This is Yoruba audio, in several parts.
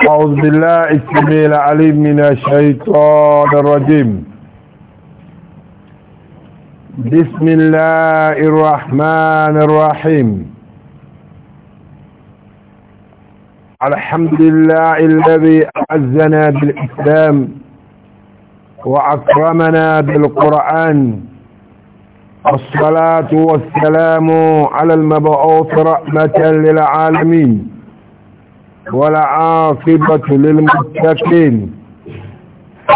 أعوذ بالله السميع العليم من الشيطان الرجيم بسم الله الرحمن الرحيم الحمد لله الذي أعزنا بالإسلام وأكرمنا بالقرآن الصلاة والسلام على المبعوث رحمة للعالمين ولا عاقبة للمتقين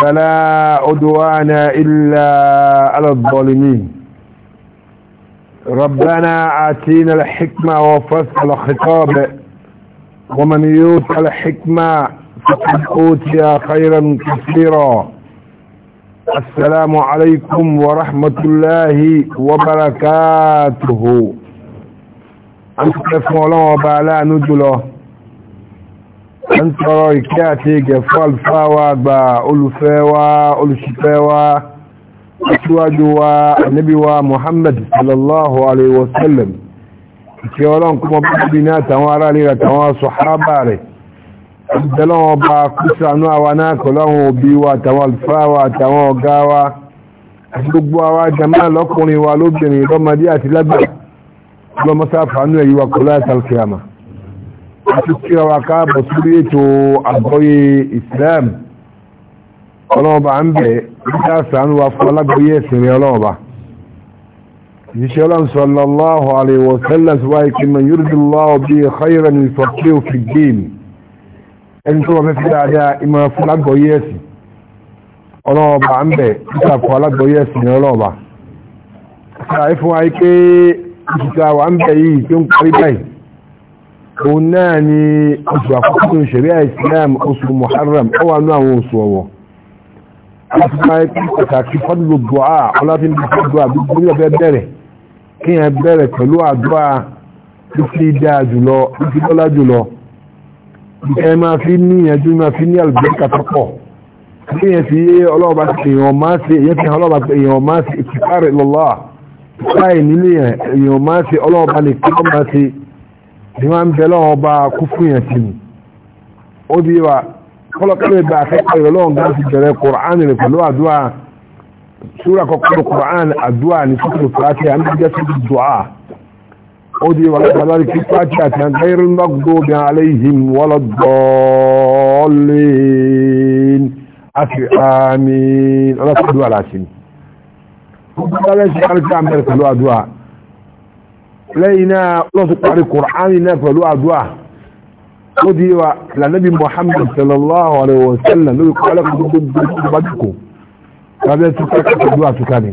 فلا عدوان إلا على الظالمين ربنا آتينا الحكمة وفصل الخطاب ومن يوت الحكمة فقد أوتي خيرا كثيرا السلام عليكم ورحمة الله وبركاته أنت الله وبعلا نجله ń tọrọ ìkẹ́ àti ìgẹ̀fọ́ àlùfáà wa àgbà olùfẹ́ wa olùṣìfẹ́ wa aṣíwájú wa ànábì wa Muhammad sallallahu alaihi wasallam ìkẹ́ ọlọ́run kúmọ bíbí ní àtàwọn ará lè àtàwọn sọ̀hábà rẹ̀ ìdẹ́lọ́wọ́ bá kúsànú àwa náà kọlọ́run òbí wa àtàwọn àlùfáà wa àtàwọn ọ̀gá wa àti gbogbo àwa jàmáà lọ́kùnrin wa lóbìnrin lọ́mọdé àti lágbà lọ́mọsáfà nù ẹ̀yíwá kọlá àtàlùfíàmà àti kíra wa káàbọ̀ sórí ètò àgbọ́yé Islam ọlọ́ọ̀bà ń bẹ̀ nígbà sàánú wa fún alágbóyé ẹ̀sìn rẹ̀ ọlọ́ọ̀bà ìṣẹ́ ọlọ́run sallallahu alaihi wa sallam síwáyé kí man yuridillahu bihi khayran yufaqihu òun náà ni oṣù àkọ́kọ́ ní ṣẹ̀ríà Islam oṣù Muharram ó wà ní àwọn oṣù ọ̀wọ̀ láti máa kí pàtàkì fọ́dúlù dùá ọlátìní fọ́dúlù àdúgbò ní ọ̀fẹ́ bẹ̀rẹ̀ kí yẹn bẹ̀rẹ̀ pẹ̀lú àdúrà títí dáa jùlọ títí lọ́lá jùlọ ẹ máa fi ní ìyànjú máa fi ní àlùbẹ́kà tó pọ̀ kí yẹn fi èèyàn máa ṣe fi ọlọ́ọ̀bá èèyàn máa ṣe máa ṣe ọlọ́ọ̀bá ni wọ́n ń bẹ lọ́wọ́ bá kú fún yẹn sí ni ó di wa kọ́lọ́kọ́lọ́ ìgbà akẹ́kọ̀ọ́ ìrọ̀lọ́wọ́n gan ti bẹ̀rẹ̀ kùránì rẹ̀ pẹ̀lú àdúrà súra kọ́kọ́rọ́ kùránì àdúrà ní sùkúrù fúláṣí àmì jẹ́ sí dùá ó di wa lọ́wọ́ kí fúláṣí àti àgbẹ̀rẹ̀ lọ́gbọ́ bí aláìhìm wọ́lọ́ dọ́ọ̀lẹ́n àti àmì ọlọ́sọ̀dúwà láti ni. Gbogbo ọlọ́sọ̀dúwà lẹ́yìn náà lọ́ fi parí kùránì náà pẹ̀lú àdúà ó di wa lànàbí Muhammad sallallahu alaihi wa sallam lórí kọ́lẹ́kùn tó gbogbo bájúkò lábẹ́ tó kẹ́kẹ́ pẹ̀lú àtúkà ni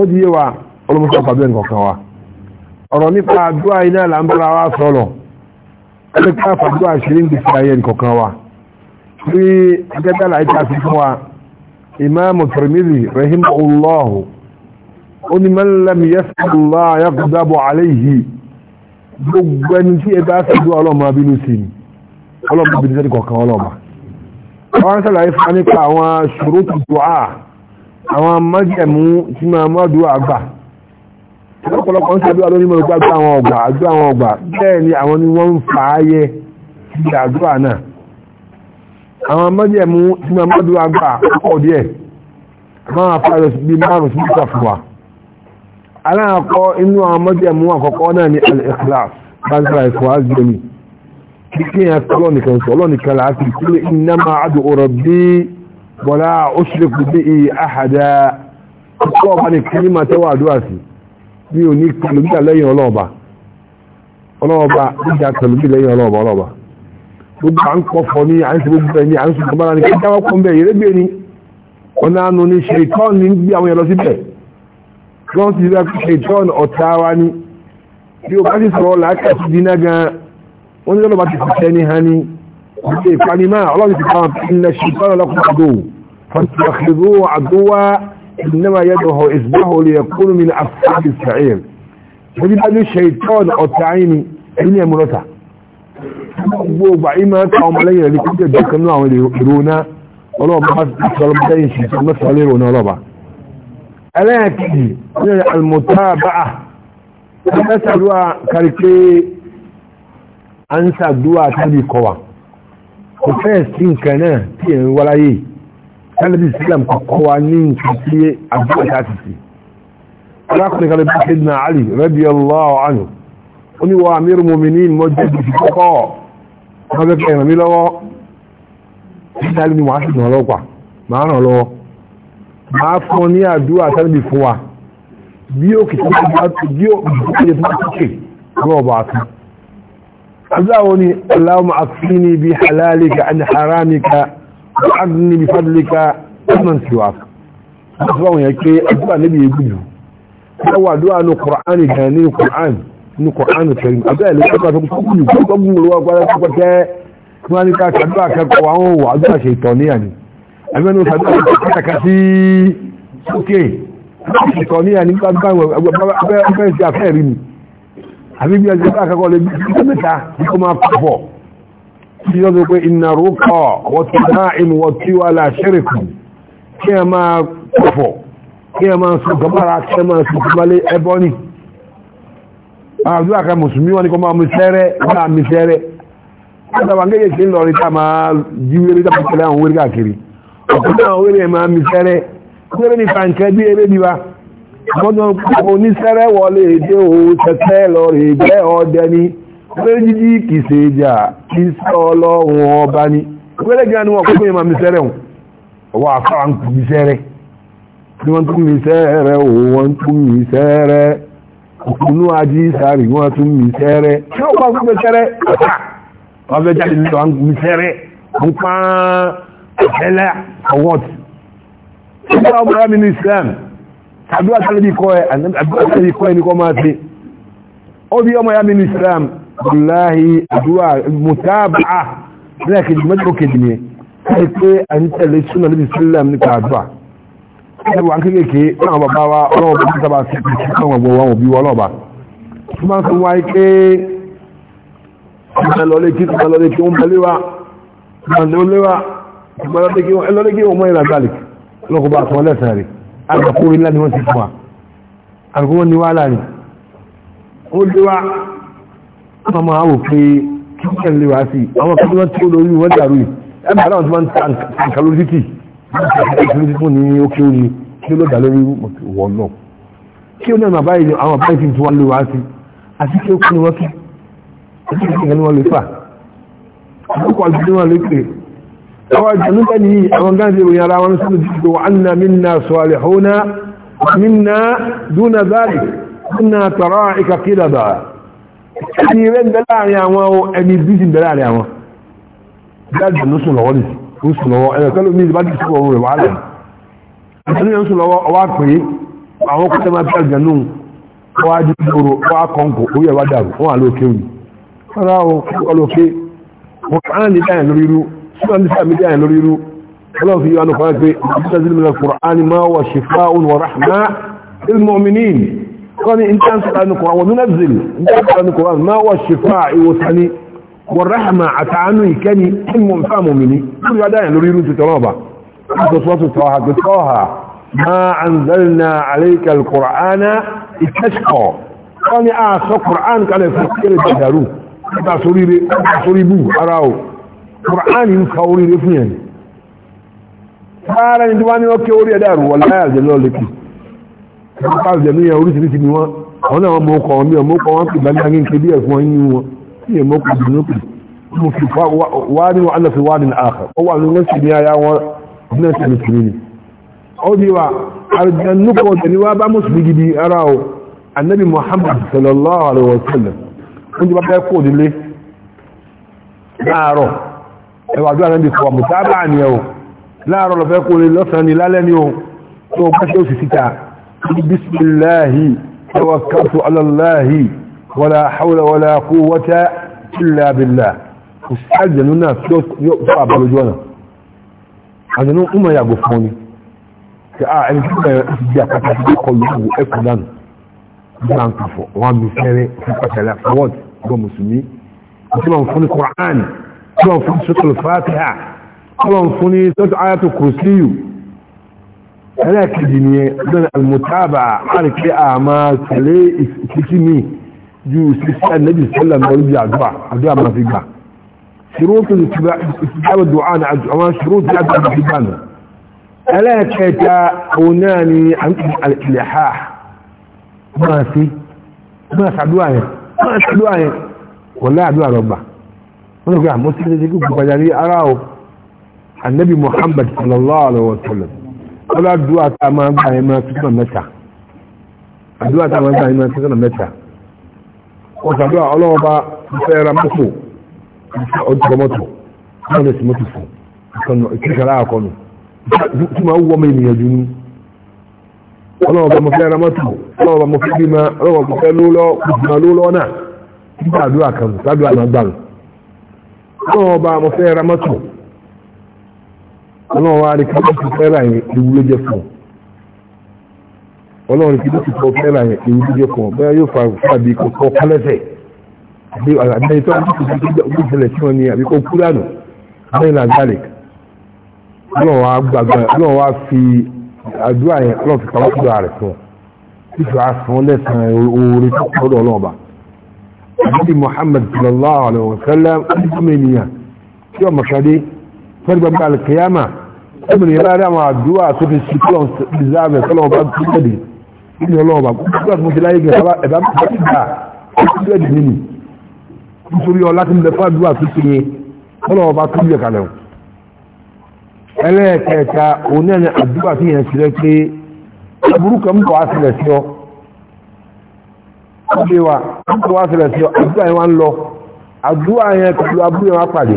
ó di wa olùmọ́sọ̀ pàbẹ́ nǹkan wa ọ̀rọ̀ nípa àdúà iná là ń bára wa sọ̀rọ̀ ẹgbẹ́ ká fàdúà ṣeré ń di ayé nǹkan wa bí agẹ́dàlá ìta fi fún wa Imam Tirmidhi rahimahullahu ó ní man lam yas'alillah yaghdabu alayhi gbogbo ẹni tí ẹ bá fẹ́ dúró ọlọ́mọ abínú sí ni ọlọ́mọ abínú sẹ́ni kọ̀ọ̀kan ọlọ́mọ. wọ́n sàlàyé fún wa nípa àwọn ṣurutu du'a àwọn májẹ̀mú tí máa mú gbà. ọ̀pọ̀lọpọ̀ ń máa mú àdúrà gbà márùn-ún sí ala inú àwọn mọ́jẹ̀mú àkọ́kọ́ náà ni al-ikhlas báńsára ìfọ́hás jẹ́mi kíkẹ́ yẹn sọ lọ́nìkan sọ lọ́nìkan láti kúlé iná máa adò ọ̀rọ̀ bí bọ́lá bí i àhàdá ọba n'i kí tẹ́wọ́ àdúrà sí bí o ní kàlùbíà lẹ́yìn ọlọ́ọ̀ba ọlọ́ọ̀ba níjà kàlùbí lẹ́yìn ọlọ́ọ̀ba ọlọ́ọ̀ba gbogbo à ń kọfọ ní à ń sọ gbogbo ẹ̀ ní à ń sọ gbogbo ara wọ́n ti rẹ́ pé ìtọ́n ọ̀tá wa ní bí o bá ti sọ̀rọ̀ láàkà sí dínà gan wọ́n ní lọ́lọ́bá ti fi tẹ́ ní hání wípé ìpanimá ọlọ́run ti káwọn ilẹ̀ ṣùgbọ́n ọlọ́kùn àdó fàtàkìrò àdówá ìnáwà yẹ́dọ̀họ̀ ìsbáhò lè mi ní afẹ́lì sa'ir ẹlẹ́ẹ̀kìdì ní almutabaa ẹgbẹ́sàdúwà karfe an sàdúwà tàbí kọwa kò fẹ́ sí nǹkan náà tí ẹ̀ ń wáláyé tàbí islam kọkọwa ní nǹkan tí àdúwà tàbí sí alákùnrin kalẹ̀ bí sidna ali radiyallahu anhu ó ní wa amir muminin mọ́jẹ́ bí fi kọ́kọ́ wọ́n máa fún ní àdúrà tẹ́lẹ̀bì fún wa bí ó kìí tó bá tó bí ó kìí tó bá tó kè ní ọba kan azáwo ni aláwọ̀mọ̀ àfíní bí halalika àti haramika bí agni bí fadlika ọmọ tiwa wọ́n ti báwọn yẹn pé àdúrà níbi egwu jù wọ́n wà àdúrà ní kùránì gan ní kùránì ní kùránì kẹrin àdúrà ilé ẹgbẹ́ tó kúkú jù kó gbogbo olówó agbára tó pẹ́ tẹ́ kí wọ́n ní ká àdúrà kẹ́kọ̀ọ́ àwọn òwò àdúrà ṣe ìtọ̀ níyà ni ẹgbẹ́nu pàtàkà sí sókè ìkọ̀ ní ẹni abẹ́ ti afẹ́ rí mi àbí bí ẹjọ́ akẹ́kọ̀ọ́ lè bí i mẹ́ta bí kó máa pọ̀ tí ó tó pé iná rúkọ̀ wọ́tí náà inú wọ́tí wà láṣẹ́rẹ̀kù kí ẹ máa pọ̀ kí ẹ máa sọ gọbára kí ẹ máa sọ gọbálé ẹbọ́ ní àdúrà kan mùsùlùmí wọn ni kó máa mú sẹ́rẹ́ máa mú sẹ́rẹ́ látàwọn akẹ́yẹ̀ sí ń lọ rí tá máa jíwé rí tá máa tẹ̀lé àwọn wérí káàkiri ọ̀pọ̀lọpọ̀ àwọn eré máa mi fẹ́rẹ́ kúrẹ́ ní fàǹkẹ́ bí eré bí wa mọ́nà pọ̀ ní sẹ́rẹ́ wọlé èdè òun tẹ́tẹ́ lọ rè bẹ́ ọdẹ ni kúrẹ́ jíjí kìsè ìjà kí sọ́ọ̀lọ́run ọba ni kúrẹ́ gíga ni wọ́n kúrẹ́ ní máa mi sẹ́rẹ̀ wọn wọ́n àfáà ń kùn mi sẹ́rẹ̀ ni wọ́n tún mi sẹ́rẹ̀ òun wọ́n tún mi sẹ́rẹ̀ òkùnú ají sáré wọ́n tún mi sẹ́rẹ̀ kí wọ́n pa fún mi sẹ́rẹ̀ wọ́n fẹ́ jáde nílò àwọn mi sẹ́rẹ̀ ń pa ẹ̀lẹ́ àwọ̀t ṣíkọ́ ọmọdé mi ní Islam àdúrà tàbí kọ́ ẹ̀ àdúrà tàbí kọ́ ẹ̀ ní kọ́ máa ti ó bí ọmọ ya mi ní Islam bùláhì àdúrà mùtábà lẹ́ẹ̀kejì mẹ́jọ kejì ni káì pé à ń tẹ̀lé súnà níbi Islam nípa àdúrà ẹ̀rù wà ń kékèké náà bàbá wa ọlọ́wọ́ bí sábà sí ti sí káwọn ọgbọ̀n wọn òbí wọn lọ́ba tó máa ń sọ wáyé pé ọmọ lọlé kí ọmọ lọlé kí ó ń bẹ léwà lọ́lẹ́gẹ́ ọmọ ìlà galik lọ́kọ̀ọ́bá àtọwọ́ lẹ́sẹ̀ rẹ̀ alùpùpù ńlá ni wọ́n ti fún wa alùpùpù ní wàhálà ni ó lé wá wọ́n máa wò pé kíkẹ́ lè wá sí àwọn kan tí wọ́n tí ó lórí wọ́n dàrú yìí ẹgbẹ́ àwọn tí wọ́n ta kàlóríkì fún ní ókè orí kí ló dà lórí wọ́n náà kí ó àwọn jàndùkẹ́ni àwọn gáàsì ìròyìn ara wọn sínú jíjọ wa'anna minna salihuna minna duna zalik minna tọrọ ìkàkílà bá ẹni rẹ̀ ń bẹ láàrin àwọn ẹni bíjì ń bẹ láàrin àwọn gáàsì ló sùn lọ́wọ́ nìsí ó sùn lọ́wọ́ ẹ̀rọ kẹ́lò mí ìbá dìsí ọ̀rọ̀ rẹ̀ wàhálà ìtàní ń sùn lọ́wọ́ ọwá pè é àwọn kọ́tẹ́ máa tẹ́lẹ̀ jẹ̀nú ọwá dìbòrò ọwá kọ́ǹkọ̀ ó yẹ wá dàrú wọn àlókè òní شلون نسأل مجاه نريدو خلاص في أنا فاكر تنزل من القرآن ما هو شفاء ورحمة للمؤمنين قال إن تنزل القرآن وننزل إن تنزل عن القرآن ما هو الشفاء وثني والرحمة أتعنوا كني المؤمنين كل هذا نريدو تترابع ما أنزلنا عليك القرآن اتشقى قال آه سو قرآن قال فكر بدارو أتا سريبو أراو kùránì ń ka oríire fún yẹn sára ní tí wọ́n ní wọ́n ké orí ẹ̀dá àrùn wọ̀lá àjẹ́ lọ́ọ̀ lẹ́kì wọ́n ká àjẹ́ ní yẹn oríṣiríṣi ni wọ́n àwọn náà wọ́n ọkọ̀ ọmọ ọkọ̀ wọn kì bá ní agé nké díẹ̀ fún wọn tí èèmọ̀ kò dùn ó pè mo fi wá ní wọn wá ní àkà ó wà ní wọn ní aya wọn ẹwà àdúrà náà bí fọwọ́ mùsáàbà ni ẹ̀ o láàárọ̀ lọ́fẹ́ kó lè lọ́sàn-án ni lálẹ́ ni o tó o pẹ́ṣẹ́ òsì síta bísmìláhì tawakkaltu alàláhì wàlá hawla wàlá quwwata illa billah kò sí àjẹ̀nú náà tí ó fọ́ àbálójú ọ̀nà àjẹ̀nú ń mọ̀ yàgò fún ni ṣe à ẹni tí fẹ́rẹ́ fún pàtàkì àfọwọ́d gbọ́ mùsùlùmí àti wọn fún ní kọ́ránì ọlọ́run fún sọ́tọ̀lù fatiha ọlọ́run fún ní sọ́tọ̀ ayatu kursiyu ẹlẹ́kìdì ni ẹgbẹ́ni almutaba àríkẹ́ àmà tẹ̀lé ìsìkí mi ju sísí ẹ̀nẹ́bì sẹ́lẹ̀ mọ́lúbí àdúrà àdúrà máa fi gbà ṣirúkú ìsìkáwà dùá ní àwọn ṣirúkú àdúrà máa fi gbà nù ẹlẹ́kẹta òun náà ni àríkẹ́ alìlẹ̀há máa fi máa ṣàdúrà yẹn máa ṣàdúrà yẹn wọ́n láàdúrà rọ̀gbà wọ́n lọ́gbà àmọ́ sí ẹjẹ́ gbogbo pàjárí ara ọ̀ annabi muhammad sallallahu alaihi wa sallam ọlá dúwà tá a máa gbà yẹn máa fi sọ́nà mẹ́ta àdúwà tá a máa gbà yẹn máa fi sọ́nà mẹ́ta wọ́n sàdúrà ọlọ́ọba fẹ́ ra mọ́tò ọjọ́ mọ́tò wọ́n lè sì mọ́tò fún ìkànnì ìkẹ́kẹ́rẹ́ àkọlù tí máa wọ́ mẹ́rin ìyẹn dunu ọlọ́ọba mo fẹ́ kan ládùúrà náà gbàrún náà ọba mo fẹ́ ra mọ́tò ọlọ́run wá rí kí ló ti fẹ́ ra yẹn ewu ló jẹ́ fún ọ ọlọ́run kí ló ti fẹ́ ra yẹn ewu ló jẹ́ fún ọ bẹ́ẹ̀ yóò fa fàbí kò kọ́ kálẹ́sẹ̀ àbí àbẹ́yẹ tó ń tó ti gbé ojú ìṣẹ̀lẹ̀ tí wọ́n ní àbí kò kú dànù àbẹ́yẹ là garlic ọlọ́run wá gbàgbà ọlọ́run wá fi àdúrà yẹn ọlọ́run fi pamọ́ síbi ààrẹ fún ọ fífi àsùn lẹ́sàn-án oore tó kọ́ lọ́ọ̀ba àbíbí Muhammad sallallahu alaihi wasallam ọmọ ènìyàn tí ọmọ kàdé fẹ́rẹ̀ bá alkiyama ẹgbẹ̀rẹ̀ yẹn láàrin àwọn àdúrà tó fi sí kọlọ̀ ìzáàmẹ̀ kọlọ̀ ọba gbẹ́dẹ̀ nínú ọlọ́ọ̀bà kúrò tó ti láyé gẹ̀ẹ́sà ẹ̀bá bá ti gbà gbẹ́dẹ̀ nínú nítorí ọlá tí ń bẹ fún àdúrà tó ti yẹn kọlọ̀ ọba tó yẹ kalẹ̀ ẹlẹ́ẹ̀kẹta òun náà ni àdúrà tó yẹn sílẹ̀ pé aburú kan bọ̀ á sílẹ̀ ọdẹ wa ọdẹ wa sẹlẹ̀ sí àdúrà yẹn wá ń lọ àdúrà yẹn pẹ̀lú abúrú yẹn wá pàdé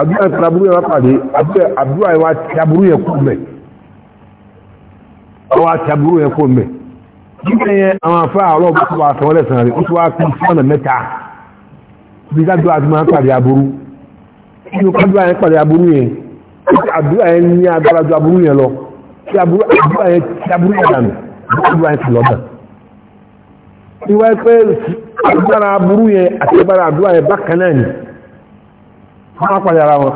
àdúrà yẹn pẹ̀lú abúrú yẹn wá pàdé àdúrà yẹn wá ti abúrú yẹn kú mẹ́ ọwọ́ àti abúrú yẹn kú mẹ́ nígbà yẹn àwọn afẹ́ àárọ̀ bó ti wà sọ wọlé sàn rẹ̀ ó ti wá kú fọ́nà mẹ́ta bí ká dúrà ti máa ń pàdé abúrú inú ká dúrà yẹn pàdé abúrú yẹn àdúrà yẹn ní agbára ju abúrú yẹn lọ tí abúrú yẹn dànù àdúrà yẹn ti lọ dànù tí wọ́n pẹ́ agbára aburú yẹn àti agbára àdúrà yẹn bákan náà ni wọ́n á padà ara wọn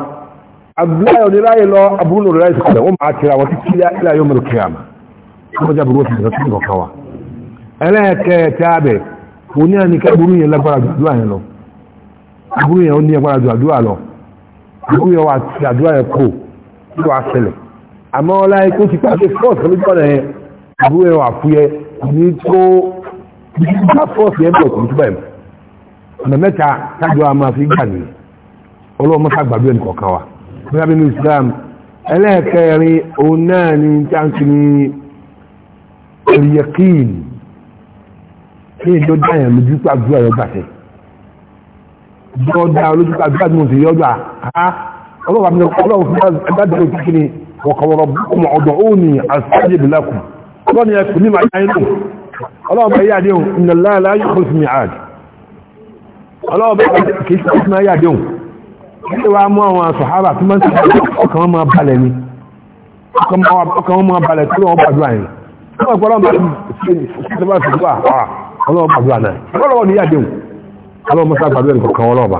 àdúrà yẹn oníláyè lọ aburú lòdì láyè sọ̀rọ̀ wọ́n máa tẹ̀ra wọn títí ilé ayé omi kìí àmà wọ́n jẹ́ aburú òsì lọ́tí nìkan wa ẹlẹ́ẹ̀kẹ́ẹ̀tẹ́ abẹ̀ òní àníkẹ́ aburú yẹn ó ní agbára àdúrà lọ aburú yẹn wà ti àdúrà yẹn kò tí wàá ṣẹlẹ̀ àmọ́ ọlá ikú ti pàṣẹ fọ́ọ̀sì lójú ọ̀nà yẹn aburú yẹn wà fúyẹ́ ní tó ìgbà fọ́ọ̀sì ẹ̀ bọ̀ tuntun báyìí ọ̀nà mẹ́ta tájọ a máa fi gbà ní ọlọ́mọ sàgbàdo ẹnì kọ̀ọ̀kan wa nígbà nínú Islam ẹlẹ́ẹ̀kẹrin òun náà ni táǹkì ní ẹ̀rìyẹ̀kìn kí ni tó dáyà lójú pé àdúrà yọ gbàṣẹ dọ́ọ̀dá lójú pé àdúrà tí mo sì yọjọ́ àá ọlọ́wà ní màá yá inú ọlọ́ọ̀bá yà déhùn ìnàláàlá yóò kó sí mi àdì ọlọ́ọ̀bá kìí sí ìsinmi yà déhùn kí wá mú àwọn sọ̀hábà tí máa ń tẹ̀lé ọkàn wọn máa balẹ̀ ni ọkàn wọn máa balẹ̀ tí wọ́n gbàdúrà yẹn wọ́n mọ̀ pọ́lọ́ọ̀bá sí ìsinmi sí ìgbà ọlọ́ọ̀bá gbàdúrà náà ọlọ́ọ̀bá yà déhùn ọlọ́ọ̀bá sá gbàdúrà nìkan kan ọlọ́ọ̀bá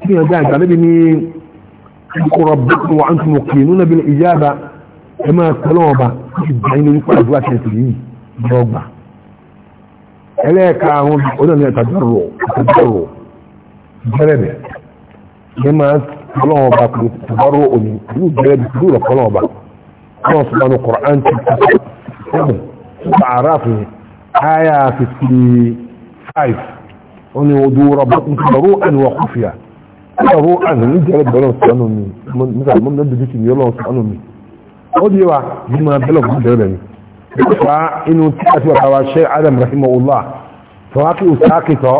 kí ni ọjà ìgbà níbi ní kúrọ̀ bẹ́ẹ̀ wà ń tún mọ̀ kì í núnà bí ìjáàbá ẹ máa pẹ́lọ́ọ̀bá ìgbà yín ní nípa àdúrà tẹ̀sí yìí lọ́gbàá ẹlẹ́ẹ̀ka àwọn onílẹ̀ ìtajọ́rò ìtajọ́rò jẹ́rẹ̀mẹ̀ ní máa ọlọ́wọ́ bá kò tàbárò òní yóò jẹ́rẹ̀mẹ̀ tó rọ̀ kọ́lọ́wọ́ bá wọ́n sọ bá ní kọ̀rán ti sẹ́wọ̀n nípa àráàfù àyà 55 wọ́n ni ojú rọ̀bà ìtajọ́rò ẹni wọ́n kò fìyà ìtajọ́rò ẹni ní jẹ́rẹ̀mẹ̀ ọlọ́wọ́ sọ́nà fa inu tí a ti wà kàwà ṣe adam rahimahullah fawaki usakito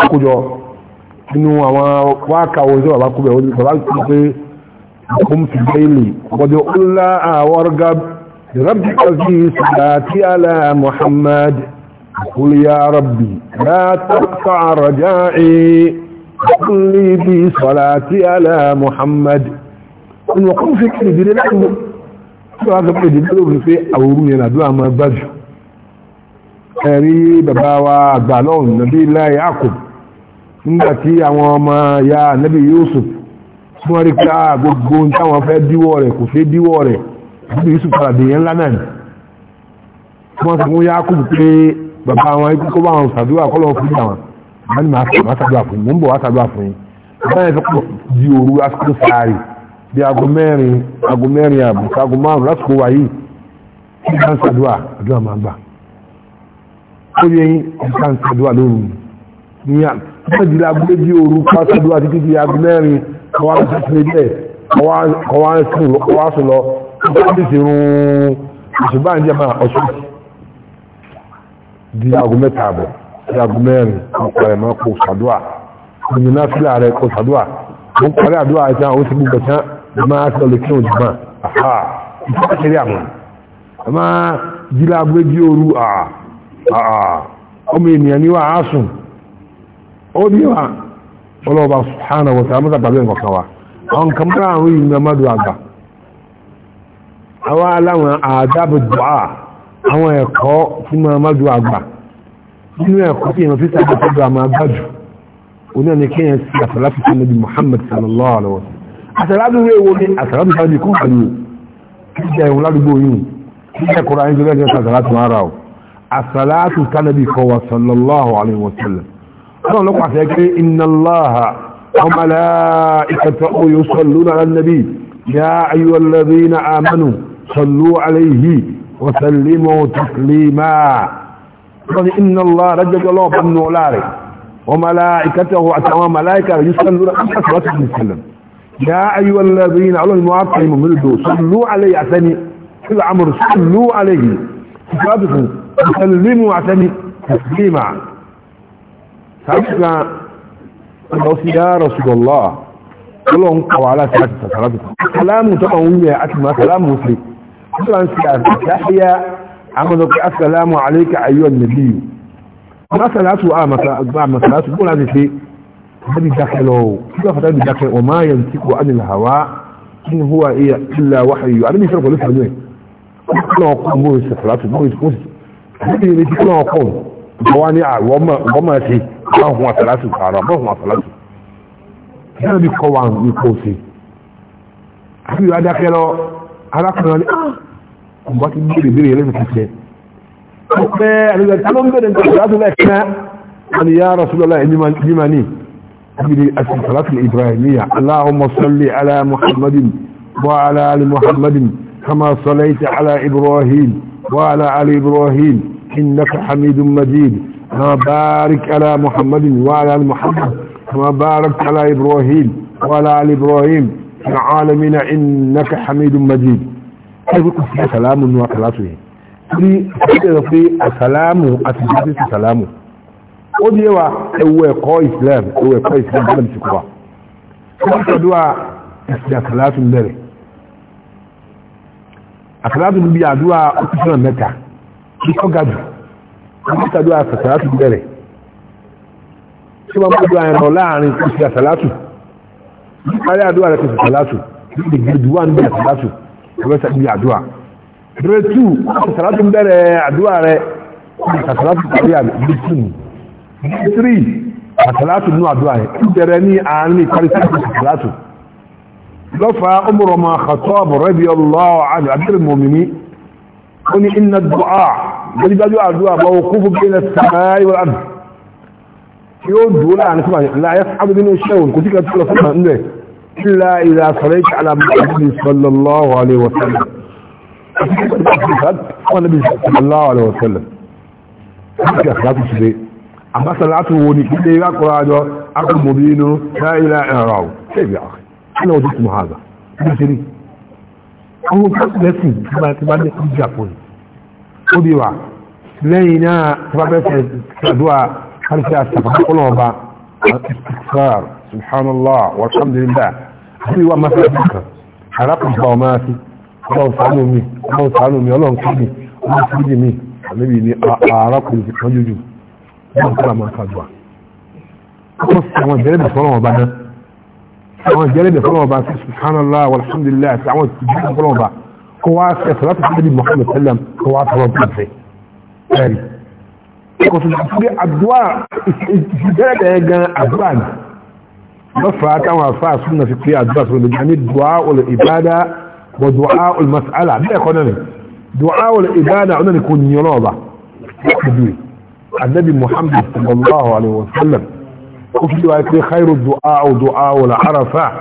akójọ inú àwọn wákà ojú bàbá kúbẹ̀ ojú bàbá kú pé kún fi bẹ́ẹ̀lì ọgbọ̀dẹ̀ ọlá àwọn gab rabbi aziz àti ala muhammad قل يا ربي لا تقطع رجائي قل لي بصلاتي على محمد وقم فكري بلي لعنه tí wọ́n á sọ pé ìdílé lóòrùn pé àwòrú yẹn làdúrà máa gbájú ẹ̀rí bàbá wa àgbà lọ́hùn nàbí láì àkù nígbà tí àwọn ọmọ ya nàbí Yusuf tí wọ́n rí ká ah, gbogbo táwọn fẹ́ díwọ́ rẹ̀ kò fẹ́ díwọ́ rẹ̀ àbí Yusuf paradì yẹn ńlá náà ni wọ́n sọ fún Yakub pé bàbá wọn ikú kó bá wọn ṣàdúrà kọ́lọ́ fún àwọn wọn ni màá ṣàdúrà fún yín mò ń bọ̀ wá ṣàdúrà fún yín báyìí fẹ́ kó di òru bí aago mẹ́rin aago mẹ́rin ààbò aago márùn lásìkò wáyé kí ká ń ṣàdúrà àdúrà máa gbà ó yẹ kí ká ń ṣàdúrà lóru ní àtúntàjì aago méjì òru ká ṣàdúrà títí di aago mẹ́rin kọwá ń sàtúnlẹ̀ bẹ́ẹ̀ kọwá ń sùn lọ kọwá sùn lọ kọwá ń tètè rún òṣùbà ń jẹ́ máa ọ̀ṣun di ó ń gbogbo ẹ̀ta máa sọ lè kírun jùmọ́ àhà ìfọ́ ṣeré àmọ́ ẹ máa jílá agbéjí ooru àà ọmọ ènìyàn níwá àásùn ó níwá ọlọ́ọ̀bá sùhánà wọ́n tàbí tàbí nǹkan wa àwọn kan mọ́ra àwọn yìí ní ọmọdé àgbà àwọn aláwọn àdábò dùá àwọn ẹ̀kọ́ tí mọ́ ọmọdé àgbà nínú ẹ̀kọ́ tí èèyàn fi sábà tọ́jú àmọ́ agbájú kéèyàn sí àfàlàfíà nàbí Muhammad sallallahu alaihi wa sallam àtàládùúgbò èwo ni àtàládùúgbò sáà ní kún àdúgbò kí jẹ́ ìwọ̀n ládùúgbò yìí kí jẹ́ kọ́ra ayé gẹ́gẹ́ àtàlátù ara o àtàlátù tánàbí kọ́ wa sallallahu alaihi wa sallam ọlọ́run lọ́pàá sẹ́ pé inna Allaha wa malaikatahu yusalluna ala nabi ya ayyuhal ladhina amanu sallu alayhi wa sallimu taslima ọlọ́run inna Allaha rájọ́jọ́ lọ́ọ̀bá nù ọlá rẹ̀ wa malaikatahu àtàwọn màláìkà yusalluna ala nabi sallallahu alaihi wa sallam يا أيها الذين على من ممردوا صلوا عليه عسني كل عمر صلوا عليه صادقوا سلموا عسني تسليما سابقنا أنه يا رسول الله كلهم قوالات سعادة صلاتك السلام تقوم يا أتما كلام مسلم أصلا سيارة تحيا عمدك السلام عليك أيها النبي ما سلاته آمك أجمع مسلاته قول هذه شيء هذه دخلوا كيف فتاد دخل وما ينطق عن الهواء إن هو إيه إلا وحي أنا مش عارف أقول لك أنا أقوم مو استفرات مو يسكت هذه اللي تقول أنا أقوم طواني وما وما شيء ما هو ثلاثة كارا ما هو ثلاثة أنا بيقوى عن يقوسي أبي هذا كلو هذا كلو آه كمبات بيري بيري لازم تسلم أنا أنا بيري أنا بيري أنا يا رسول الله إني ماني الصلاة الإبراهيمية اللهم صل على محمد وعلى آل محمد كما صليت على إبراهيم وعلى آل إبراهيم إنك حميد مجيد بارك على محمد وعلى آل محمد كما باركت على إبراهيم وعلى آل إبراهيم في العالمين إنك حميد مجيد سلام وثلاثه في سلام أتجدد سلامه ó di wa ewu ẹ̀kọ́ islam ewu ẹ̀kọ́ islam bọ́lá ti kọ́ wa wọ́n tọ́jú wa ẹ̀sìn àkàlàtù mẹ́rẹ̀ àkàlàtù níbi àdúrà òkúta mẹ́ta kíkọ́ gàdù wọ́n tọ́jú wa àkàlàtù mẹ́rẹ̀ tí wọ́n mọ́jú àyànlọ láàrin ìsìn àkàlàtù níparí àdúrà rẹ̀ kẹsì àkàlàtù níbi gẹ̀dù wà níbi àkàlàtù ọlọ́sà níbi àdúrà rẹ̀ tù àkàlàtù mẹ́rẹ̀ àdúrà rẹ̀ àkàlàtù kàríà níbi tù nù 3 àtàlátù nínú àdúrà ẹ̀ ìbẹ̀rẹ̀ ní àárín ìparí àtàlátù lọ́fà ọmọrọ̀ ma kàtọ́ àbọ̀rẹ́ bí ọlọ́ọ̀ àbẹ̀rẹ̀ mọ̀mìnì ó ní iná dùá gbẹ́gbẹ́jú àdúrà bọ́ kú fún bí yóò dúró láàrin sọ́mà wọn níbi sallallahu alaihi wasallam àbáṣàlátù wo ni pípé lákọ̀ọ́rọ̀ akọ̀mọ̀bí inú láìlá ẹ̀rọ ṣèbí àkọ́ kí lọ́wọ́ tó mọ̀ àgbà nítorí àwọn kẹ́sìn tí bá dé sí Japan ó bí wà lẹ́yìn náà tí bá bẹ́ẹ̀ ṣàdúrà káríṣẹ́ àṣàkọ́kọ́lọ́ ọba istikfar subhanallah walhamdulillah àti ìwà masáàtì kan arákùnkà ọmọ àti ọlọ́run ṣàánú mi ọlọ́run ṣàánú mi kí mi ọlọ́run kí mi wọn kúrò àmọ́ kàdùà wọn sì àwọn ìjẹ́rẹ́bẹ̀ fọ́nà ọba náà àwọn ìjẹ́rẹ́bẹ̀ fọ́nà ọba sí subhanallah walhamdulillah àti àwọn ìjẹ́rẹ́bẹ̀ fọ́nà ọba kó wá sí ẹ̀sọ́ láti fi Muhammad sallam kó wá tọrọ pàṣẹ ẹ̀rí kò sì sí àdúrà ìjẹ́rẹ́bẹ̀ yẹn gan àdúrà ni lọ́fà táwọn afá súnmọ́ fi pé àdúrà sọ lè ní dùá olè ìbádá wọ dùá olè mas'ala bẹ́ẹ̀ kọ́ náà ni dùá olè ìbádá ọ̀nà ni kò yíyan náà ọba النبي محمد صلى الله عليه وسلم قلت له خير الدعاء دعاء العرفة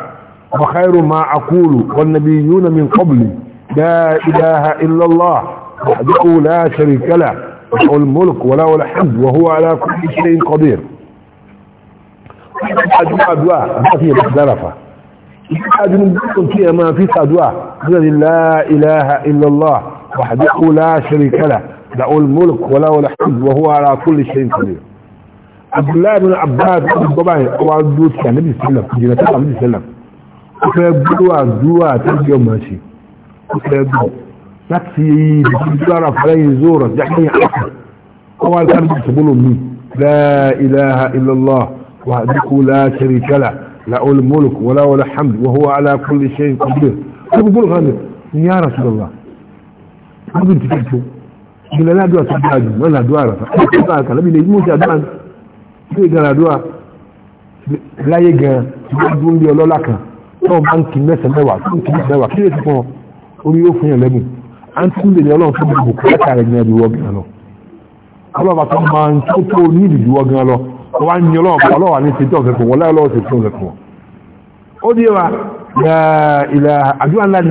وخير ما أقول والنبيون من قبلي لا إله إلا الله وحده لا شريك له له الملك وله الحمد وهو على كل شيء قدير دعاء ما في محذرفة أجل فيها ما في دعاء لا إله إلا الله وحده لا شريك له له الملك وله الحمد وهو على كل شيء قدير عبد الله بن عباس طبعا هو عبد النبي صلى الله عليه وسلم النبي صلى الله عليه وسلم دعاء دعاء تجي ماشي دعاء نفسي بتجرى فلي زورة يعني هو كان بيقولوا مين لا اله الا الله وحده لا شريك له له الملك وله الحمد وهو على كل شيء قدير بيقول غني يا رسول الله ما بنتكلم ìgbìlẹ̀ ládùá tó dáa jù wọ́n làdùá rà fún àkàlà bí lèyí mú sí àdúrà sí gan làdùá láyé gan wọ́n dún bí ọlọ́lá kan tó bá ń kì mẹ́sàn mẹ́wàá tó ń kì mẹ́sàn mẹ́wàá kí lè ti fún ọ orí yóò fún yàn lẹ́bùn à ń tún lèlè ọlọ́run tó bẹ̀rẹ̀ bùkún lẹ́ka rẹ̀ gan ìwọ gan lọ ọlọ́ba tó máa ń tó tó ní ìlú ìwọ gan lọ wọ́n á ní ọlọ́run ọlọ́wà ní ti tọ́ọ̀fẹ́ fún wọn láyọ̀ ọlọ́run ti fún wọn.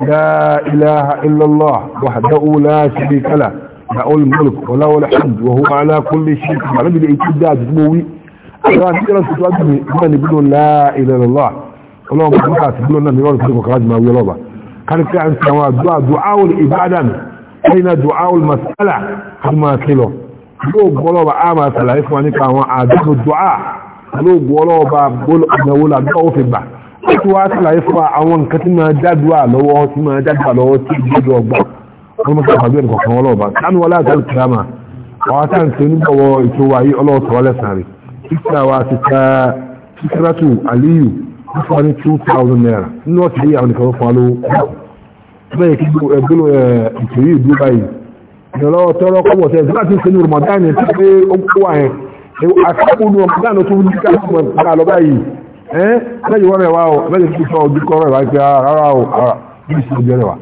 لا إله إلا الله وحده لا شريك له له الملك وله الحمد وهو على كل شيء قدير رجل إتداء جسموي أراد كلا تتوجه من يقولون لا إله إلا الله اللهم صل على سيدنا محمد وعلى آله وصحبه أجمعين كان في عن سماع دعاء دعاء الإبادة أين دعاء المسألة كما كيلو لو قولوا آما سلا يسمعني كان عادة الدعاء لو قولوا بقول أنه لا دعوة في البحث láti wá sàlàyé fún àwọn nǹkan tí máa jádùá lọ́wọ́ tí máa jádùá lọ́wọ́ tí ìgbẹ́jọ ọgbà wọ́n mọ́ sàfàgbé ẹnìkọ̀ kan ọlọ́ọ̀bá sánú wọlé àtàrí kìrámà àwọn sáǹtì onígbọ̀wọ́ ètò wáyé ọlọ́ọ̀sọ̀rọ̀ lẹ́sàn-án rẹ̀ sísá wa sísá sísáràtù aliyu wọ́n fún wa ní two thousand naira nínú ọ̀sẹ̀ yìí àwọn nìkan fún wa lówó bẹ́ẹ̀ kí ẹgbẹ́lú ètò yìí dúró báyìí ìrọ̀lọ́wọ́ tọ́rọ kọ́bọ̀ sẹ́ láti ṣe ní ramadan yẹn tí pé ó wà yẹn àkàkùn ramadan tó ń ẹ́ lẹ́yìn wọ́n rẹ̀ wá o lẹ́yìn kí sọ ojú kọ́ rẹ̀ wá pé ah, rárá o ara bí sí ojú rẹ̀ wá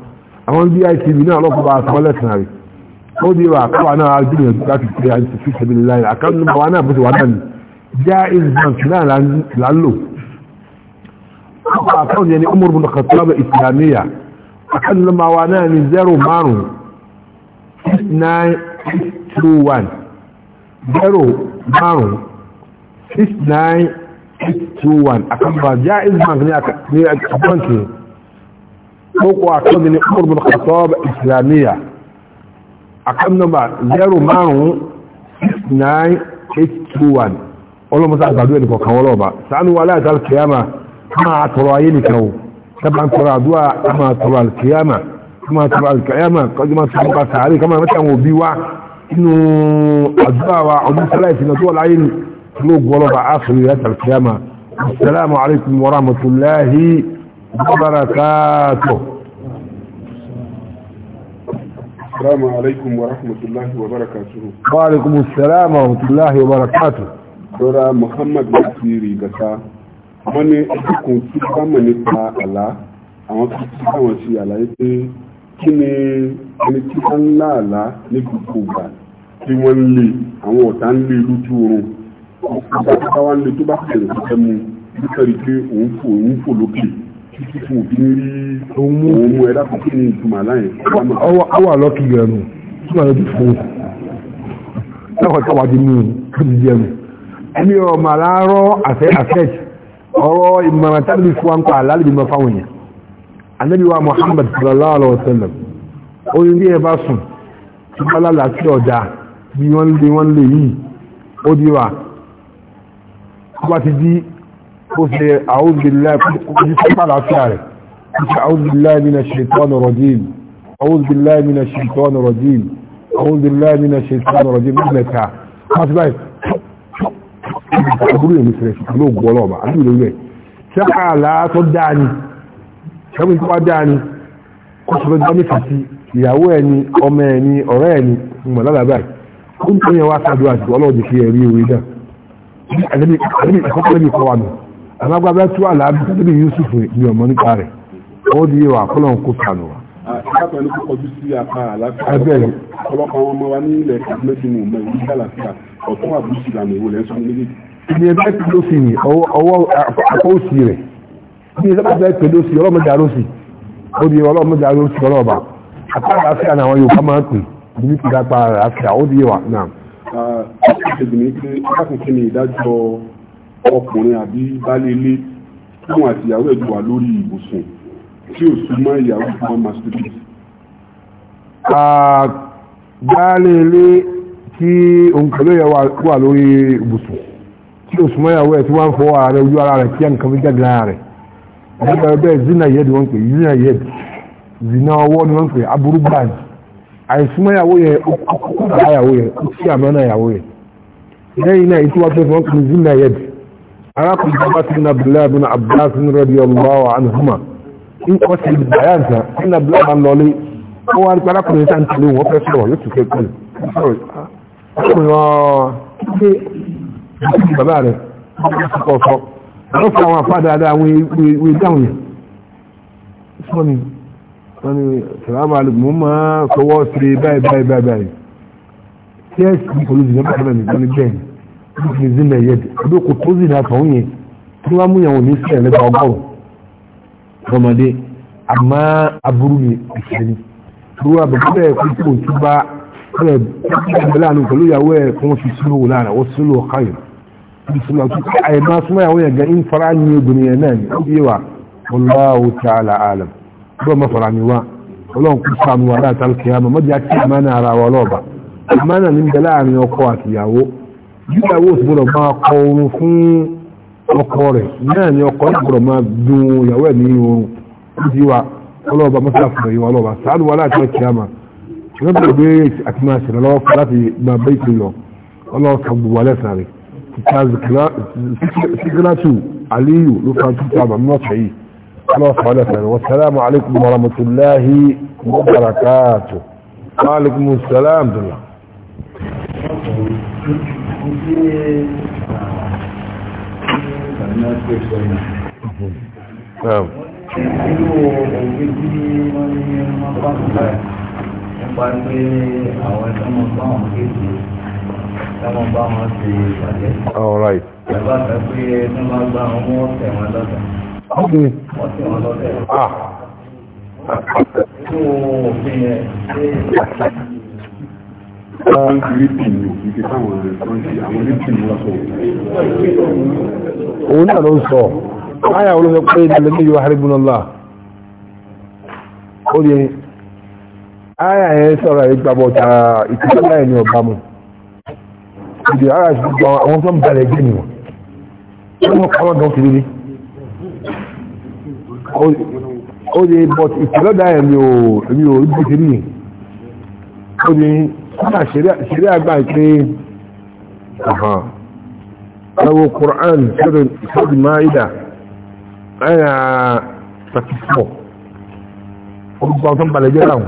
àwọn bitv náà lọ́kùnrin àtàwọn lẹ́sìn rẹ̀ ó di wa àkọ́wà náà ajú rẹ̀ láti pé àti fi ṣe bíi láì àkọ́wà náà wà náà bó ti wà náà ni já isbank náà là zero nine two one zero six nine 621 akan ba jaiz bank ne a banki ko kuwa kan da ne umar bin khattab islamiyya akan namba 0569821 wala musa azadu ne ko kan wala ba sanu wala ta kiyama ma atrayi ne kawo taban kura duwa ma tura al kiyama kuma tura al kiyama kuma sun ba sare kuma mutan obiwa inu azdawa abu salati na duwa layin قلوب وربع آخر يد القيامة السلام عليكم ورحمة الله وبركاته السلام عليكم ورحمة الله وبركاته وعليكم السلام ورحمة الله وبركاته lọ́ra Muhammad láti rí gata wọ́n ní ọdún tí bá mọ̀ nípa àlá àwọn tó ti bá wọn ṣe àlàyé pé kí ni ẹni tí bá ń lá àlá ní gbogbo ìgbà tí wọ́n ń lé àwọn ọ̀tá ń lé lójú oorun àpapọ̀ wa ń le tó bá bẹ̀rẹ̀ tó fẹ́ mu nítorí pé òun fò òun fò lókè títí fún òbí ní rí òun mú ẹ dákun kí ni ìtumọ̀ aláyẹn. awọ àlọ́kì gẹ̀rù tí wàá lọ́ọ́ ti fún un lọ́kọ̀ tí wàá ti mú un tó ti jẹun. ẹni ọmọ aláàárọ̀ àfẹ́ àfẹ́t ọ̀rọ̀ ìmọ̀ràn tábìlì fún wa ń pa àlálẹ́ ìmọ̀ fáwọn èèyàn. anabi wa muhammad sallallahu alaihi wa sallam oyin bí ẹ bá sùn tí wọ́n lálàá sí ọ̀dà bí wọ́n lé wọ́n lé yìí ó wọ́n ti di ó ṣe àwùjọ́láì kọjú sípà láfíà rẹ̀ ṣe àwùjọ́láì nínú ṣètọ́nù rọ̀díìn àwùjọ́láì nínú ṣètọ́nù rọ̀díìn àwùjọ́láì nínú ṣètọ́nù rọ̀díìn mẹ́ta wọ́n ti báyìí àbúrò èmi fẹ̀rẹ̀ sí ló gbọ́ lọ́ọ̀bà àdúgbò rẹ̀ ṣẹ́kà látọ́ dáa ni ṣẹ́kùn tó bá dáa ni kó sọ fẹ́ gbọ́ nífẹ̀ẹ́ sí ìyàwó ẹni ọmọ ẹni ọ̀rẹ́ ẹni àdébì ìkọ́kọ́ lẹ́bì kọ́ wa nù alágbàbá tó àlàábí sẹ́dẹ̀bì Yusuf ní ọmọ nípa rẹ̀ ó di yẹ wà kọ́lọ̀ ń kó sànù wa. àtàkùn ẹni kọjú sí apá àlàáfíà ọlọ́pàá wọn máa wá ní ilẹ̀ kàdúmẹ́tì mú mọ́ ìlú kàlàfíà ọ̀tún àbúṣì lànà ìwò lẹ́sọ méjèèjì. ní ẹgbẹ́ pẹ̀lọ́sì ni ọwọ́ àkọ́ọ̀sì rẹ̀ ní ẹgbẹ́ pẹ̀lọ́sì ọlọ́mọdé àrọ́sì ó di ọlọ́mọdé àrọ́sì ọlọ́ọ̀bà àtàlàáfíà náà wọn yóò ká máa ń pè ní kí ọ̀sẹ̀kejì ní pé lákùnkí ni ìdájọ́ ọkùnrin àbí baálé ilé fún àti ìyàwó ẹ̀dùn wà lórí ibùsùn tí ò súnmọ́ ìyàwó fún ọmọ masturbate. baálé ilé tí òun pẹ̀lú ìyàwó wà lórí ibùsùn tí ò súnmọ́ ìyàwó ẹ̀ tí wọ́n ń fọwọ́ ara rẹ̀ ojú ara rẹ̀ kí ẹnìkan fi jáde lára rẹ̀ ọ̀dọ́ bẹ́ẹ̀ zina yẹ́dì wọ́n pè zina yẹ́dì zina ọwọ́ ni wọ́n pè aburú gbáàdì àìsúnmọ́ ìyàwó yẹn ó bá ìyàwó yẹn ó sí àmọ́nà ìyàwó yẹn lẹ́yìn náà ìtú wa pé fún ọkùnrin zina yẹbi arákùnrin bàbá sí ní abdullahi bin abbas radiyallahu anhuma ń kọ́ sí bayan tán sí ní abdullahi bin lọlé ó wá nípa arákùnrin tá ń tẹ̀lé wọn fẹ́ sọ̀rọ̀ yóò tún kú ọkùnrin wọn wọ́n ní salamu alaykum mo máa fọwọ́ sí báyìí báyìí báyìí báyìí tí ẹ sì kò lóṣù nípa ìbẹ̀rẹ̀ nìkan ní bẹ́ẹ̀ ní kí ni zi náà yẹ di ọdún kò tó zi náà kàn yẹn tí wọ́n mú yàwọn ní sílẹ̀ lẹ́gbà ọgọ́rùn ọmọdé àmọ́ aburú ni ìṣẹ́ni tí wọ́n bẹ̀rẹ̀ bẹ́ẹ̀ kó tó tó bá bẹ́ẹ̀ bẹ́ẹ̀ láàánú pẹ̀lú ìyàwó ẹ̀ kó wọ́n fi sílò gbọ́mọ̀ fara mi wá ọlọ́run kú sáàmù wà látàrí kìyàmọ̀ mọ́dí àti àmánà ara wa lọ́ọ̀bà àmánà ní bẹ láàrin ọkọ àti ìyàwó yíyàwó sì gbọ́dọ̀ máa kọ oorun fún ọkọ rẹ̀ náà ni ọkọ náà gbọ́dọ̀ máa dun ìyàwó ẹ̀ ní oorun ó ti wá ọlọ́ọ̀bà mọ́sálà fún ìwà ọlọ́ọ̀bà sáàmù wà látàrí kìyàmọ̀ wọ́n bẹ̀rẹ̀ pé àti máa ṣẹlẹ̀ lọ́wọ́ láti máa bẹ́ ìpè lọ ọlọ́ọ̀ kan gbogbo alẹ́ sàrẹ̀ síkírátù aliyu ló fa tún sábà الله سبحانه والسلام عليكم ورحمة الله وبركاته وعليكم السلام الله نعم nípa pé àwọn ẹ̀sọ́mọ bá wọn kéde ẹ̀sọ́mọ bá wọn ṣe ìpàdé. ọ̀rọ̀ ìgbà pé ẹ̀sọ́mọ bá wọn tẹ̀wọ̀n lọ́dọ̀ ọdún ah òun náà ló ń sọ ayà olóòfẹ́ pé ìdàlẹ́gbé yóò haribunola ó ayà yẹn sọ̀rọ̀ ìgbàbọ̀ tàà ìtìsọ́lá ẹni ọba mu ìdí ara ṣùgbọ́n tó ń bẹ̀rẹ̀ gẹ́ni wọn wọ́n kọ́ wọn gan ó lè but ìtìlọ́dà ẹ̀mí ò èmi ò rí bìtì nì ó ní kọ́nà ṣeré àgbà pé ẹwọ Qur'an sọ́dọ̀ Maida ẹ̀yà 34 orúkọ ọ̀tọ́ balẹ̀jẹ́ láwọn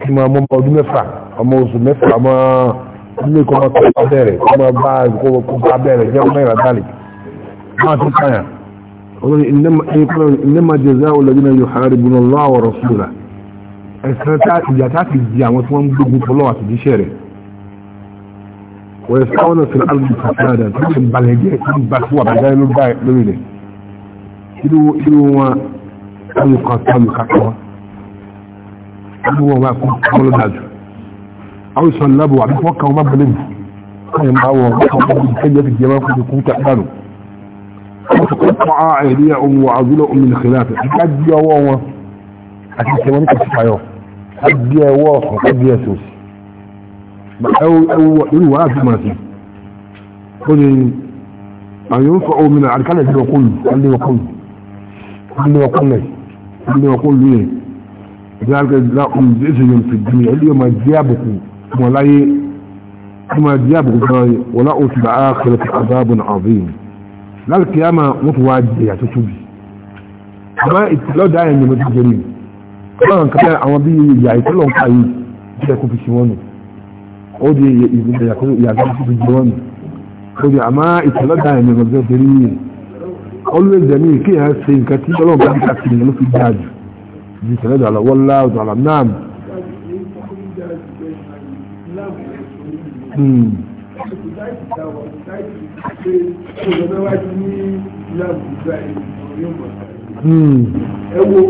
kí máa mọ́ ọdún mẹ́fà ọmọ oṣù mẹ́fà ọmọ ilé kọ́mọ́ kọ́mọ́ bẹ̀rẹ̀ kọ́mọ́ bá kọ́mọ́ bẹ̀rẹ̀ jẹ́ mẹ́rin àdálẹ̀ máa tún káyàn قولي إنما, إنما جزاء الذين يحاربون الله ورسوله ìjàtàkì di àwọn tí wọ́n ń gbógun fọlọ́ àti jíṣẹ́ rẹ̀ wọ́n yẹ sáwọn ọ̀sẹ̀ alùpùpù fàtàdà tí wọ́n ń balẹ̀ jẹ́ tí wọ́n bá fún àbájá ló bá lórí rẹ̀ irú irú wọn alùpùpù alùpùpù wọn bá kún kọ́ lọ́dà jù àwọn ìsọ̀lábọ̀ àbí fọ́kàn wọn bá balẹ̀ jù káyọ̀ máa wọ̀ ọ́ kọ́ وتقطع أيديهم وعزلهم من خلافه أدي أواما أتي سواني كتفايو أدي أواما أدي أسوس أو أو إنه واسع ماسي قل أن ينفعوا من الأركان اللي وقل اللي وقل اللي وقل لي اللي وقل لي ذلك لهم بإذن في الدنيا اليوم جابكم ولا ي... ما جابكم ولا أتبع آخرة عذاب عظيم lálùkìyàmà wọ́n fi wá jẹyà tó tóbi àmá ìtìlọ́dà ẹ̀yìn mo ti jẹ ní ọlọ́run kan àwọn bí ìyà ìtọ́lọ̀ ń káyé jẹ́ kó fi sí wọn nù ó di ìyà tó fi jẹ wọn nù ó di àmá ìtìlọ́dà ẹ̀yìn mo ti jẹ ní ọlọ́run jẹ ní kí èèyàn ṣe nǹkan tí ọlọ́run kan ká sí ìyẹn ló fi dáa jù ju ìtìlọ́dà àlọ́wọ́lá Hmm àti ìrọ̀lẹ́wájú ní ìlànà ìgbà ìrọ̀lẹ́wọ̀ ẹ wo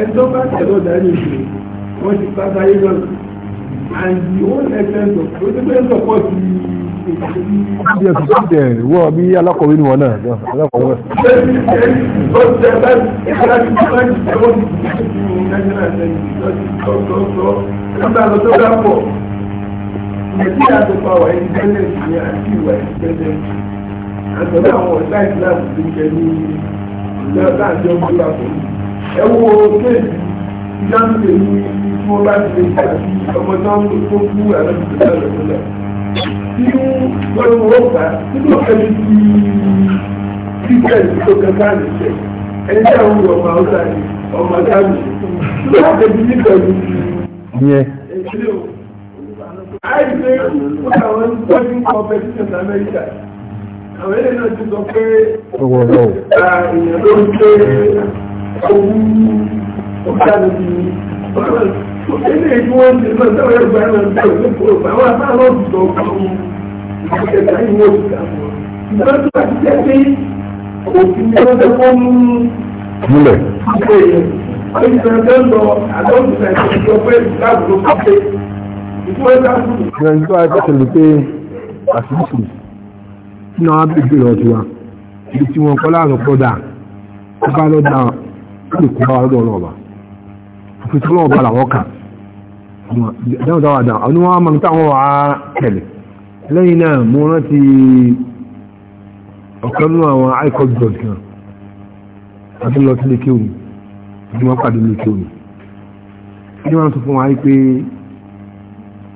ẹjọ́ bá tẹ̀lé ọ̀dà ní ìlú wọ́n ti bá báyé lọ́nà and the whole essence of president of course Bí ẹ̀sùn tó tẹ̀ wọ́ bí alákọ̀wé ni wọ́n náà alákọ̀wé. Ṣé ẹtí àtọ́pá wà independent ní àti ìwà independent àtọ́lá àwọn ọ̀tá ìsìláàmù tó jẹ ní ìlú ọ̀tá àti ọ̀gbọ́n àpò ẹ wo kéèdì ìdáǹdè ní tí wọ́n ti lè àti ọmọ tó tó kú àwọn ìṣẹ̀lẹ̀ rẹ̀ lọ́lẹ̀ tí wọ́n wọ́n fà nínú ọ̀fẹ́ ti ti kíkẹ́ ìṣòro kankan nìṣẹ́ ẹni tí àwọn ọmọ àwọn ọ̀tá ọmọ àtàlù tí wọ́n á tẹ̀lé nípa ìlú a yìí pé ó àwọn tọ́jú competition Amẹ́ríkà àwọn ilé náà ti sọ pé èèyàn ló ń pé owó ọ̀gá mi ti ní ilé ìlú wọn ti lọ sọ́wọ́ ẹgbẹ́ àwọn ọ̀gá ìlú kúrò àwọn àbáwọ̀ ti sọ fún un ìgbésẹ̀ láyé wọ́n ti kà wọ́n ìgbà tó bá ti jẹ́ pé òfin ni wọ́n fẹ́ fọ́ mú múlẹ̀ ọ̀gá ìlú ọ̀gá ìlú àdókùnrin àti ìjọba ìlú láàbùrọ̀ pàṣẹ ìrìn tó àìpẹ́sẹ̀ lè pé àṣìṣì tí wọ́n bí gbèrò ọ̀tí wa ibi tí wọ́n kọ́ láàrín pọ́dà tó bá lọ́dà lè kó bá lọ́dọ̀ ọlọ́ọ̀bà òfin tó lọ́ọ̀bà làwọ́ kà dáhùn dáwà dáhùn àwọn oníwọ̀n máa ń táwọn wà á tẹ̀lé lẹ́yìn náà mo rántí ọ̀kan nínú àwọn àìkọ́ jọ̀d kan àti lọ sí lè kéwòn ìdí wọn pàdé lè kéwòn ìdí wọn sọ fún wa pé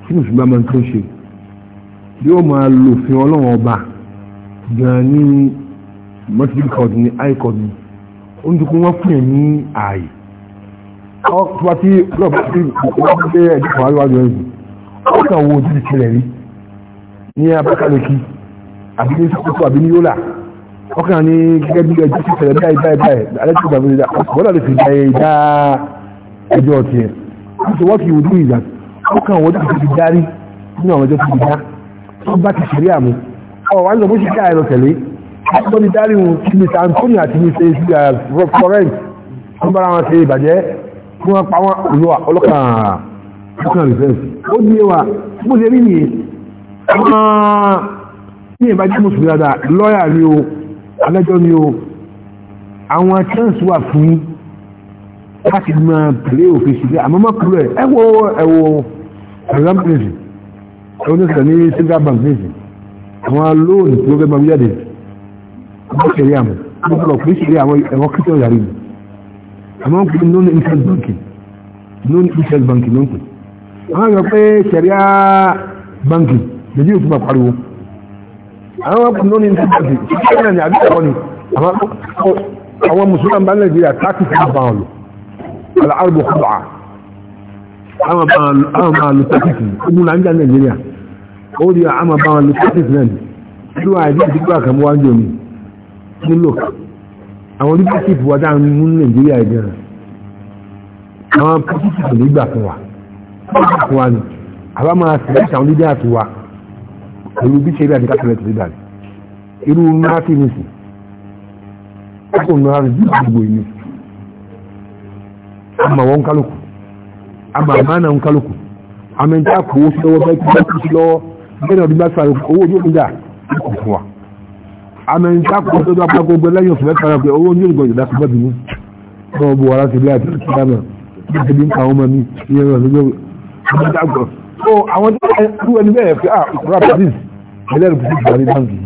tí mùsùlùmí bá máa ń tó ṣe yóò máa lò fún ọlọ́wọ́n ọba gan ní mọ́tíríkì kọ́ọ̀tù ní àìkọ́ọ̀tù ní oúnjẹ kó wọ́n fún yẹn ní ààyè tí wọ́n ti wọ́n gbé ẹ̀jẹ̀ kan wájú ẹ̀sìn wọ́n kàn wo ojú ìṣẹ̀lẹ̀ rí ní Abakaliki àbí ní Sokoto àbí ní Yola wọ́n ní gẹ́gẹ́ bí ẹjọ́ ti ṣẹlẹ̀ báyìí báyìí báyìí alẹ́ tó gbàgbé dá wọ́n lọ́ọ̀ lè fi dá ẹjọ́ ti ó kàn wọ́n tó ti darí nínú àwọn ọjọ́ tó ti dá tó bá ti ṣeré àmú ọ̀ wá ń sọ bó ṣe káà ẹ̀rọ tẹ̀lé wọ́n ti darí wọn ti mr antonio àti mr uh, florence wọ́n bára wọn ṣe ìbàjẹ́ kí wọ́n pa wọn olówà ọlọ́kàn ọlọ́kàn reverse ó di wa bó ṣe rí nìyẹn ní ìbájú mùsùlùmí dáadáa lọ́yà ni o alẹ́jọ́ ni o àwọn chance wà fún láti máa pèlè òfin ṣùgbọ́n àmọ́ mọ́kúrò ẹ̀ ẹ̀wọ̀ ẹ̀wọ̀ exam nation ẹwọ́n ní sẹ́ni central bank nation àwọn lóònù tí ó gẹ́gbà bí jáde ọmọ ṣẹ̀rí àmọ́ ọmọ ọ̀pọ̀ pé ṣẹ̀rí àwọn ẹ̀wọ̀n kírísítọ̀ yàrí mi àmọ́ ń pè ní non interest banking non interest banking ló ń pè àwọn yọ pé ṣẹ̀rí banking lèyí ò tún bá pariwo àwọn ọmọ non interest nàìjíríà táàkì fún àbáwọn àwọn máa lò tẹ́kìtì ogun láńjá nàìjíríà ó rí àwọn máa lò tẹ́kìtì náà ní tí wọ́n àìdí ìdíkò àkàmọ́ wájú omi ní lò àwọn leadership wà dáa mú nàìjíríà ìgbẹ̀rẹ̀ àwọn politics ní ìgbà fún wa fún wa ni àwa máa select àwọn leaders wa pẹ̀lú bí ṣeré àti catholic leaders irú náà rí gbogbo ìní àmàwọn àmà àmàna ń kálukú àmì tí a kò ó sọ́wọ́ bá ti bá ti lọ bẹ́ẹ̀ náà bí bá sàrò owó yóò ń dà kò fún wa àmì tí a kò ó sọ́wọ́ bá gbogbo lẹ́yìn oṣù mẹ́ta rẹ̀ pé owó yóò ń gbọ́dọ̀ dá sí bẹ́ẹ̀ nù náà bu ara ti bí àti ìtura náà bí ti bí ń ka àwọn ọmọ mi iye rẹ̀ lọ́jọ́ àmì tí a kò so àwọn tí a kú ẹni bẹ́ẹ̀ fi à ìkura brazil ẹlẹ́rìí kò sí ìgbàlè báńkì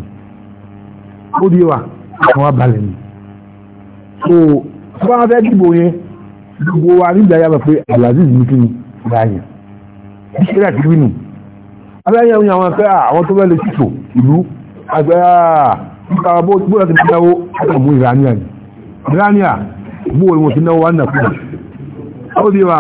ó di wa gbogbo wa nígbà yà pé alaziz ní kíni báyìí bíṣẹ́ àti wínú abẹ́yẹ òyìn àwọn akẹ́ ah, àwọn tó bẹ́ẹ̀ lè ṣìṣò ìlú àgbẹ̀ ah, nípa bóyá ti náwó àtàmú ìrànìyà ìrànìyà bóyá mo ti náwó wà nàkúrà